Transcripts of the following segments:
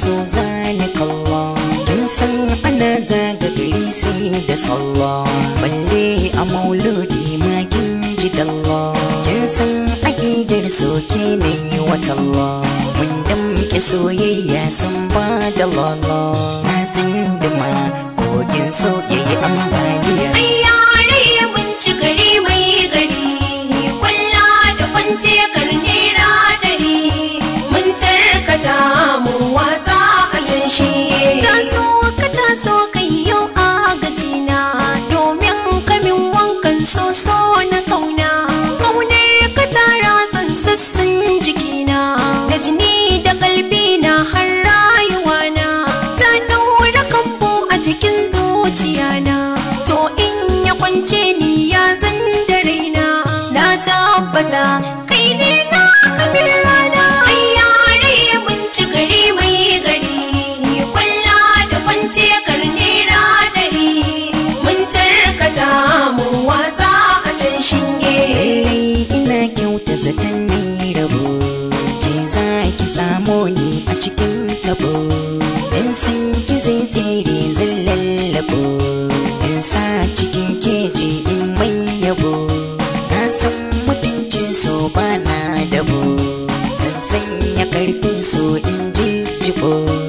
so zalikallah kin san ana zaga gari sai da sallah balle a mauludi ma kin ji dallah kin san aƙidar ke ne Allah mun damke soyayya sun ba da lala na tsinduma kogin so yayi ambaliya so kai yau agaji na domin kamin wankan so so na kauna kaunar ka tara zan sassan jikina da jini da kalbi na har rayuwa na ta daura kambo a jikin zuciya na to in ya kwance ni ya zan da raina na tabbata zaton ni rabo ki za ki samo ni a cikin tabo in sun ki zai tsere zan lallabo in sa cikin keji in mai yabo na san mutuncin so ba na dabo zan sanya karfin so in jijjibo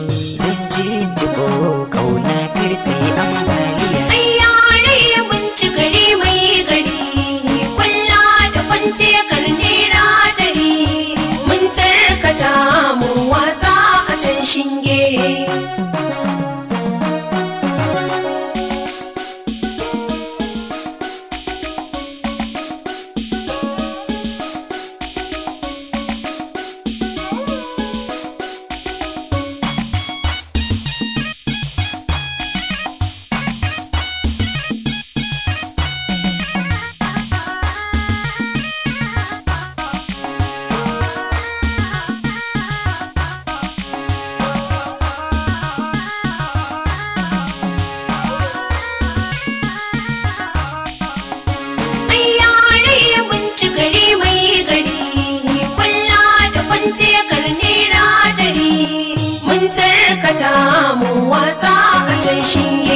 ta mun watsa a can shi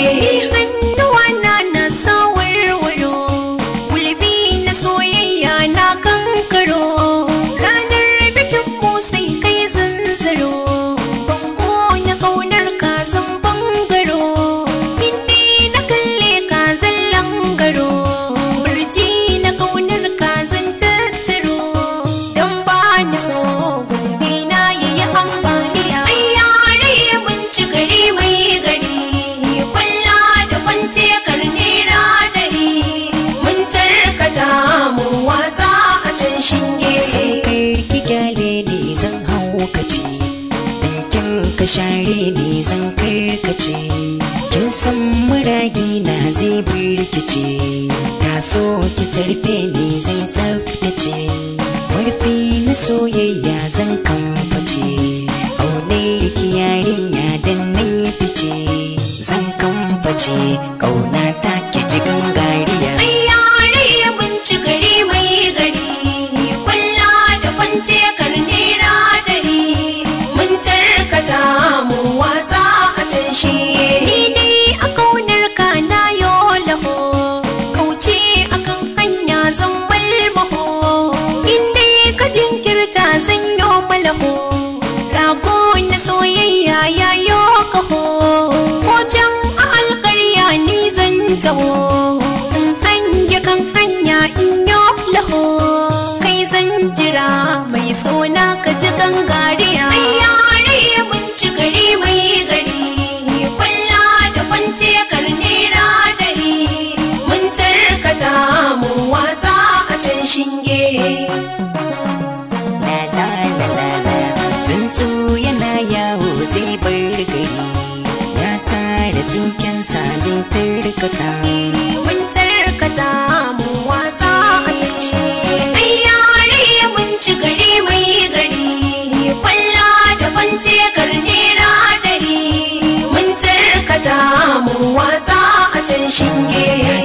lokaci bikin ka share ne zan karkace kin san muragi na zai birkice ka so ki tarfe ne zai tsaftace warfi na soyayya zan kamface aune riki yarinya dan na fice zan kamface ƙauna in hange kan hanya in yo kai zan jira mai sona kaji ji gangariya ayyare mun ci gari mai gari kwalla da kwance karni radari mun tarkata mun wasa a can shinge la la la la yana yawo zai bar gari ya tara tsinke saje zai tarkata mun mun a ci gari mai gari kwalla da mun tarkata mun a can shinge ya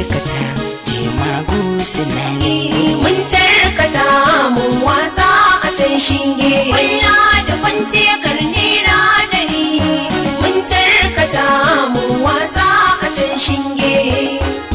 mun tarkata mun wasa a can shinge kwalla da kwance Za a can shinge